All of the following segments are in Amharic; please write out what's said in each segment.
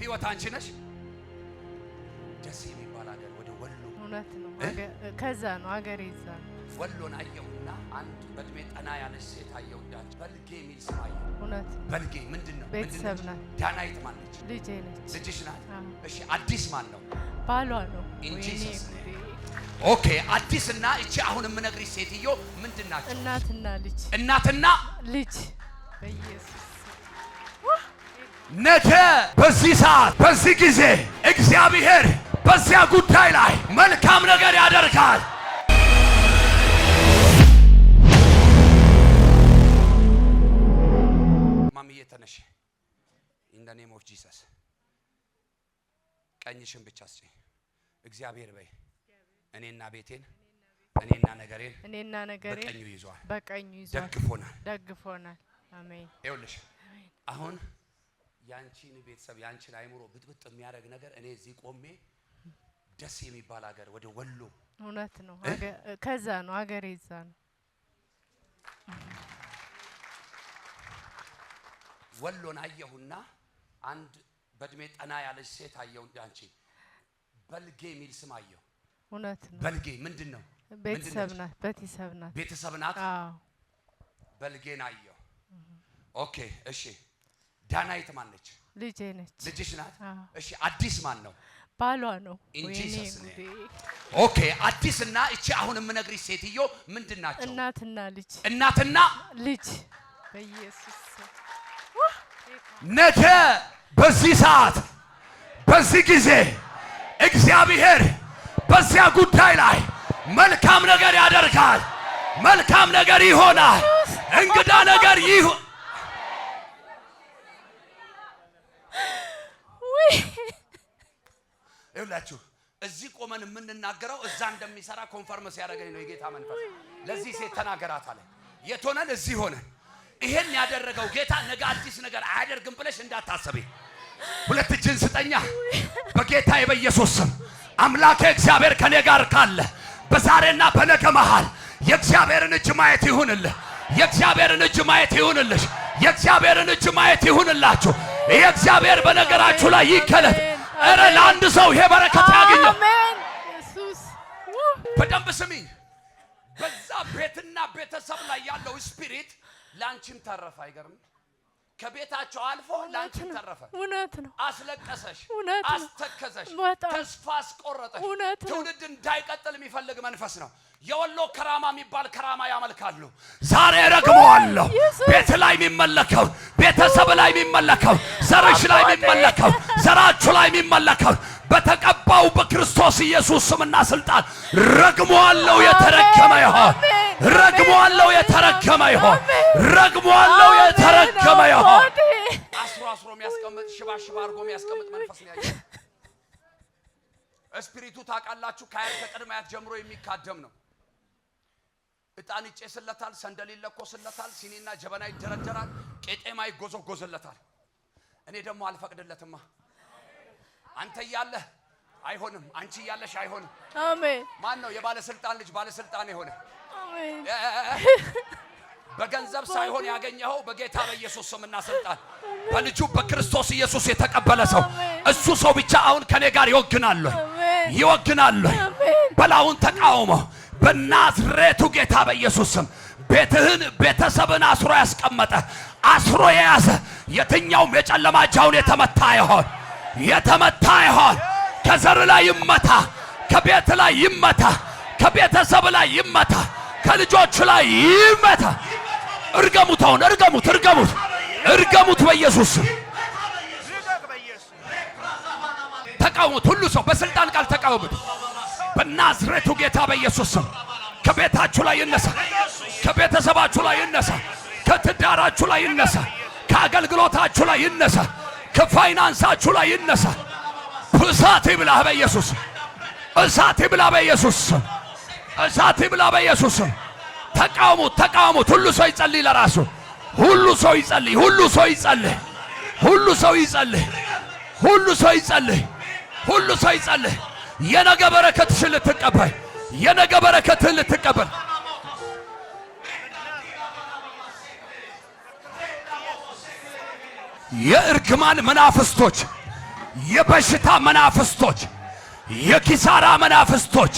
ህይወት አንቺ ነሽ። ደስ የሚባል ሀገር ወደ ወሎ እውነት ነው። ከዛ ነው ሀገሬ ይዛ ወሎን አየሁና አንድ በእድሜ ጠና ያለች ሴት አየሁ። ዳች በልጌ የሚል ሰው አየሁ። እውነት በልጌ ምንድን ነው? ቤተሰብ ናት። ዳናይት ማን ነች? ልጄ ነች። ልጅሽ ናት። እሺ አዲስ ማን ነው? ባሏ ነው እንጂ ኦኬ አዲስ እና እቺ አሁን የምነግሪ ሴትዮ ምንድን ናቸው? እናትና ልጅ እናትና ልጅ በኢየሱስ ነገ በዚህ ሰዓት በዚህ ጊዜ እግዚአብሔር በዚያ ጉዳይ ላይ መልካም ነገር ያደርጋል። ማምዬ ተነሽ። ኢን ዘ ኔም ኦፍ ጂሰስ ቀኝሽን ብቻ ስጪ። እግዚአብሔር በይ እኔና ቤቴን እኔና ነገሬን እኔና ነገሬን በቀኙ ይዟል፣ በቀኙ ይዟል፣ ደግፎናል። ደግፎናል። አሜን። ይኸውልሽ አሁን ያንቺን ቤተሰብ ያንቺን አይምሮ ብጥብጥ የሚያደርግ ነገር እኔ እዚህ ቆሜ ደስ የሚባል ሀገር ወደ ወሎ እውነት ነው። ከዛ ነው ሀገር እዛ ነው። ወሎን አየሁና አንድ በእድሜ ጠና ያለች ሴት አየሁ። አንቺ በልጌ የሚል ስም አየሁ። እውነት ነው። በልጌ ምንድን ነው? ቤተሰብ ናት። ቤተሰብ ናት። ቤተሰብ ናት። በልጌን አየሁ። ኦኬ እሺ ዳናይት ማን ነች? ልጄ ነች። ልጅሽ ናት። እሺ አዲስ ማን ነው? ባሏ ነው። ኢንጂሰስ ኦኬ። አዲስ እና እቺ አሁን የምነግርሽ ሴትዮ ምንድን ናቸው? እናትና ልጅ። እናትና ልጅ በኢየሱስ ነገ በዚህ ሰዓት በዚህ ጊዜ እግዚአብሔር በዚያ ጉዳይ ላይ መልካም ነገር ያደርጋል። መልካም ነገር ይሆናል። እንግዳ ነገር ይሁን ይውላችሁ እዚህ ቆመን የምንናገረው እዛ እንደሚሰራ ኮንፈርም ሲያደርገኝ ነው የጌታ መንፈስ። ለዚህ ሴት ተናገራት አለ። የት ሆነን እዚህ ሆነን ይሄን ያደረገው ጌታ ነገ አዲስ ነገር አያደርግም ብለሽ እንዳታሰቢ። ሁለት እጅን ስጠኛ በጌታ በኢየሱስ ስም። አምላኬ እግዚአብሔር ከኔ ጋር ካለ በዛሬና በነገ መሃል የእግዚአብሔርን እጅ ማየት ይሁንልህ። የእግዚአብሔርን እጅ ማየት ይሁንልሽ። የእግዚአብሔርን እጅ ማየት ይሁንላችሁ። ይህ እግዚአብሔር በነገራችሁ ላይ ይከለት ኧረ ለአንድ ሰው ይሄ በረከት ያገኘ በደንብ ስሚ። በዛ ቤትና ቤተሰብ ላይ ያለው ስፒሪት ለአንቺም ተረፈ። አይገርም? ከቤታቸው አልፎ ለአንቺም ተረፈ። እውነት ነው። አስለቀሰሽ፣ አስተከዘሽ፣ ተስፋ አስቆረጠሽ። ትውልድ እንዳይቀጥል የሚፈልግ መንፈስ ነው። የወሎ ከራማ የሚባል ከራማ ያመልካሉ። ዛሬ ረግመዋለሁ። ቤት ላይ የሚመለከው፣ ቤተሰብ ላይ የሚመለከው፣ ዘርሽ ላይ የሚመለከው፣ ዘራችሁ ላይ የሚመለከው በተቀባው በክርስቶስ ኢየሱስ ስምና ስልጣን ረግመዋለሁ። የተረገመ ይሆን። ረግመዋለሁ። የተረገመ ይሆን። ረግመዋለሁ። የተረገመ ይሆን። አስሮ አስሮ የሚያስቀምጥ ሽባ ሽባ አድርጎ የሚያስቀምጥ መንፈስ ነው ያየው። እስፒሪቱ ታውቃላችሁ፣ ከአያት ከቅድማያት ጀምሮ የሚካደም ነው። እጣን ይጨስለታል፣ ሰንደል ይለኮስለታል፣ ሲኒና ጀበና ይደረደራል፣ ቄጤማ ይጎዘጎዝለታል። እኔ ደግሞ አልፈቅድለትማ። አንተ እያለህ አይሆንም፣ አንቺ እያለሽ አይሆንም። አሜን። ማን ነው የባለስልጣን ልጅ ባለስልጣን የሆነ? በገንዘብ ሳይሆን ያገኘኸው በጌታ በኢየሱስ ስምና ስልጣን በልጁ በክርስቶስ ኢየሱስ የተቀበለ ሰው እሱ ሰው ብቻ አሁን ከኔ ጋር ይወግናል፣ ይወግናል። በላውን ተቃውሞ በናዝሬቱ ጌታ በኢየሱስ ስም ቤትህን ቤተሰብን አስሮ ያስቀመጠ አስሮ የያዘ የትኛውም የጨለማ ጃውን የተመታ ይሆን የተመታ ይሆን። ከዘር ላይ ይመታ፣ ከቤት ላይ ይመታ፣ ከቤተሰብ ላይ ይመታ፣ ከልጆች ላይ ይመታ። እርገሙት! አሁን እርገሙት! እርገሙት! እርገሙት! በኢየሱስ ስም ተቃውሙት። ሁሉ ሰው በስልጣን ቃል ተቃወሙት። በናዝሬቱ ጌታ በኢየሱስ ስም ከቤታችሁ ላይ ይነሳ፣ ከቤተሰባችሁ ላይ ይነሳ፣ ከትዳራችሁ ላይ ይነሳ፣ ከአገልግሎታችሁ ላይ ይነሳ፣ ከፋይናንሳችሁ ላይ ይነሳ። እሳት ይብላ በኢየሱስ እሳት ይብላ በኢየሱስ እሳት ይብላ በኢየሱስ ተቃውሙት፣ ተቃውሙት። ሁሉ ሰው ይጸልይ ለራሱ ሁሉ ሰው ይጸልይ። ሁሉ ሰው ይጸልይ። ሁሉ ሰው ይጸልይ። ሁሉ ሰው ይጸልይ። ሁሉ ሰው ይጸልይ። የነገ በረከትሽን ልትቀበል የነገ በረከትን ልትቀበል የእርግማን መናፍስቶች፣ የበሽታ መናፍስቶች፣ የኪሳራ መናፍስቶች፣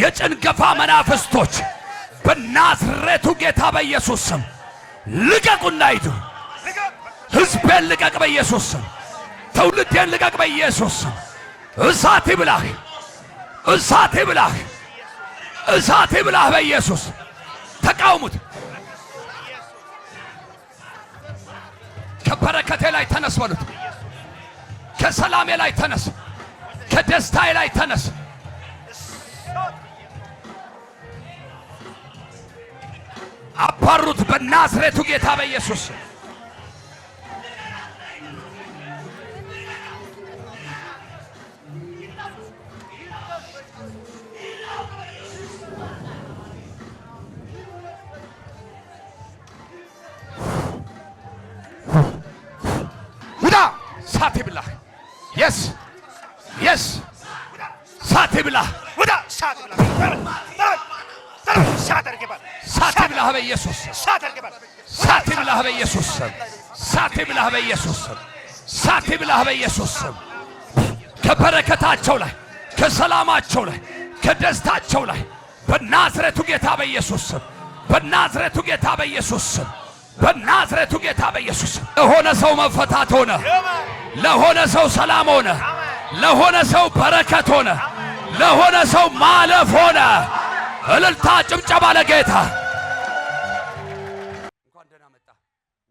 የጭንገፋ መናፍስቶች በናዝሬቱ ጌታ በኢየሱስ ስም ልቀቁና ሂዱ። ሕዝቤን ልቀቅ በኢየሱስ ስም። ትውልዴን ልቀቅ በኢየሱስ ስም። እሳት ይብላህ፣ እሳት ይብላህ፣ እሳት ይብላህ። በኢየሱስ ተቃውሙት። ከበረከቴ ላይ ተነስ በሉት። ከሰላሜ ላይ ተነስ፣ ከደስታዬ ላይ ተነስ። አባሩት በናዝሬቱ ጌታ በኢየሱስ ሳቴ ብላ ወዳ ሳቴ ብላ ሳቴ ብላ በኢየሱስ ሳቴ ብላ በኢየሱስ ሳቴ ብላ በኢየሱስ ሳት ብላ በኢየሱስ ከበረከታቸው ላይ ከሰላማቸው ላይ ከደስታቸው ላይ በናዝሬቱ ጌታ በኢየሱስ በናዝሬቱ ጌታ በኢየሱስ በናዝሬቱ ጌታ በኢየሱስ ለሆነ ሰው መፈታት ሆነ፣ ለሆነ ሰው ሰላም ሆነ፣ ለሆነ ሰው በረከት ሆነ። ለሆነ ሰው ማለፍ ሆነ። እልልታ ጭብጨባ ለጌታ። እንኳን ደህና መጣ።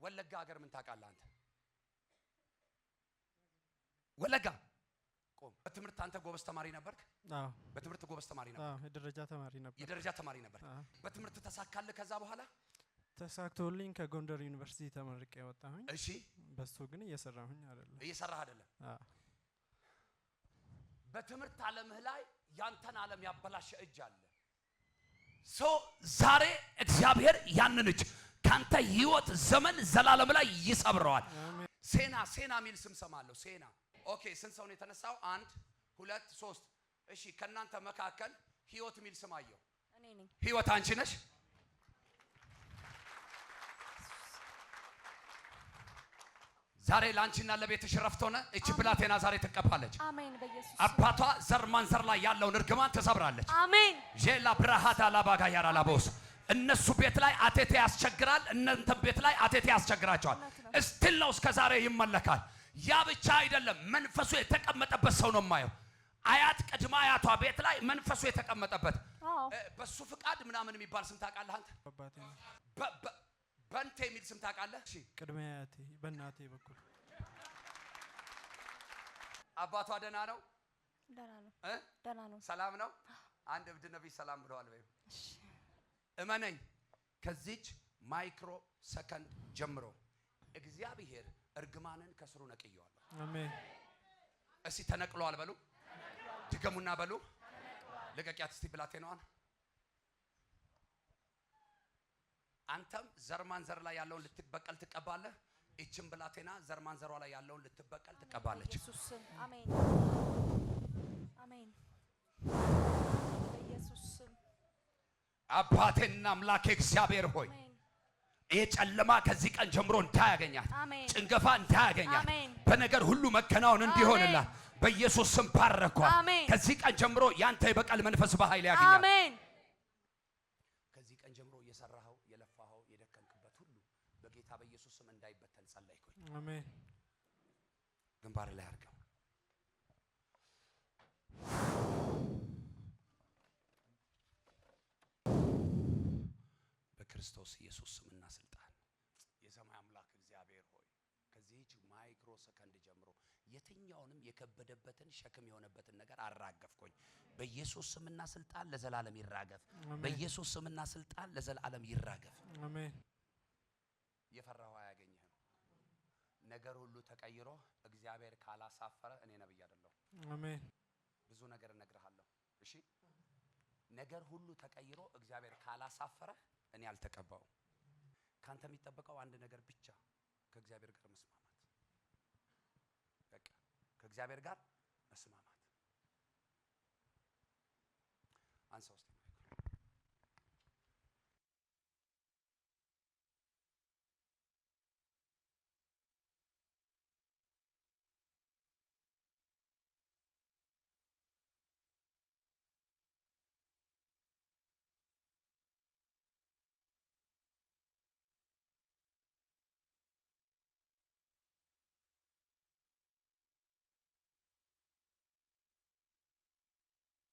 ወለጋ ሀገር ምን ታውቃለህ አንተ? ወለጋ በትምህርት አንተ ጎበዝ ተማሪ ነበርክ? አዎ። በትምህርት ጎበዝ ተማሪ ነበር? የደረጃ ተማሪ ነበር። የደረጃ ተማሪ ነበር። በትምህርት ተሳካልህ? ከዛ በኋላ ተሳክቶልኝ ከጎንደር ዩኒቨርሲቲ ተመርቄ ወጣሁኝ። እሺ። በሱ ግን እየሰራሁኝ አይደለም። እየሰራህ አይደለም? አዎ በትምህርት ዓለምህ ላይ ያንተን ዓለም ያበላሸ እጅ አለ። ሰው ዛሬ እግዚአብሔር ያንን እጅ ካንተ ህይወት ዘመን ዘላለም ላይ ይሰብረዋል። ሴና ሴና የሚል ስም ሰማለሁ። ሴና ኦኬ። ስንት ሰው ነው የተነሳው? አንድ ሁለት ሶስት። እሺ ከእናንተ መካከል ህይወት የሚል ስም አየሁ። ህይወት አንቺ ነሽ። ዛሬ ለአንቺና ለቤትሽ ረፍት ሆነ። እቺ ብላቴና ዛሬ ትቀባለች። አባቷ ዘር ማንዘር ላይ ያለውን እርግማን ትሰብራለች። አሜን። ጄላ ላባጋ ያራ ላቦስ እነሱ ቤት ላይ አቴቴ ያስቸግራል፣ እናንተ ቤት ላይ አቴቴ ያስቸግራቸዋል። እስቲል ነው እስከ ዛሬ ይመለካል። ያ ብቻ አይደለም፣ መንፈሱ የተቀመጠበት ሰው ነው የማየው። አያት ቅድመ አያቷ ቤት ላይ መንፈሱ የተቀመጠበት በሱ ፍቃድ ምናምን የሚባል ስም ታውቃለህ አንተ በንቴ የሚል ስም ታውቃለህ? እሺ፣ ቅድመ አያቴ በእናቴ በኩል አባቷ ደህና ነው? ደህና ነው ደህና ነው። ሰላም ነው። አንድ እብድ ነቢይ ሰላም ብለዋል። ወይም እመነኝ ከዚች ማይክሮ ሰከንድ ጀምሮ እግዚአብሔር እርግማንን ከስሩ ነቅየዋል። አሜን። እስቲ ተነቅሏል በሉ፣ ድገሙና በሉ። ልቀቂያት እስቲ ብላቴናዋን አንተም ዘርማንዘር ላይ ያለውን ልትበቀል ትቀባለህ። ይችን ብላቴና ዘርማንዘሯ ላይ ያለውን ልትበቀል ትቀባለች። አሜን አሜን። አባቴና አምላኬ እግዚአብሔር ሆይ ይሄ ጨለማ ከዚህ ቀን ጀምሮ እንዳያገኛት፣ ጭንገፋ እንዳያገኛት፣ በነገር ሁሉ መከናወን እንዲሆንላት በኢየሱስ ስም ባረኳት። ከዚህ ቀን ጀምሮ ያንተ የበቀል መንፈስ በኃይል ያገኛል። አሜን። ግንባር ላይ አድርገው። በክርስቶስ ኢየሱስ ስምና ስልጣን የሰማይ አምላክ እግዚአብሔር ሆይ ከዚህች ማይክሮ ሰከንድ ጀምሮ የትኛውንም የከበደበትን ሸክም የሆነበትን ነገር አራገፍኩኝ። በኢየሱስ ስምና ስልጣን ለዘላለም ይራገፍ። በኢየሱስ ስምና ስልጣን ለዘላለም ይራገፍ። አሜን። ነገር ሁሉ ተቀይሮ እግዚአብሔር ካላሳፈረ እኔ ነብይ አይደለሁ። አሜን። ብዙ ነገር እነግርሃለሁ። እሺ፣ ነገር ሁሉ ተቀይሮ እግዚአብሔር ካላሳፈረ እኔ አልተቀባው። ካንተ የሚጠበቀው አንድ ነገር ብቻ፣ ከእግዚአብሔር ጋር መስማማት። በቃ ከእግዚአብሔር ጋር መስማማት አንሳ ውስጥ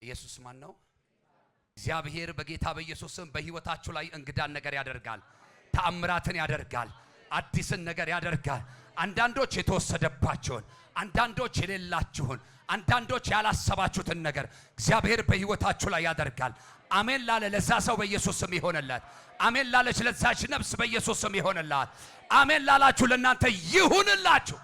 ኢየሱስ ማን ነው? እግዚአብሔር በጌታ በኢየሱስም በህይወታችሁ ላይ እንግዳን ነገር ያደርጋል። ተአምራትን ያደርጋል። አዲስን ነገር ያደርጋል። አንዳንዶች የተወሰደባቸውን፣ አንዳንዶች የሌላችሁን፣ አንዳንዶች ያላሰባችሁትን ነገር እግዚአብሔር በህይወታችሁ ላይ ያደርጋል። አሜን ላለ ለዛ ሰው በኢየሱስ ስም ይሆንላት። አሜን ላለች ለዛች ነፍስ በኢየሱስ ስም ይሆንላት። አሜን ላላችሁ ለእናንተ ይሁንላችሁ።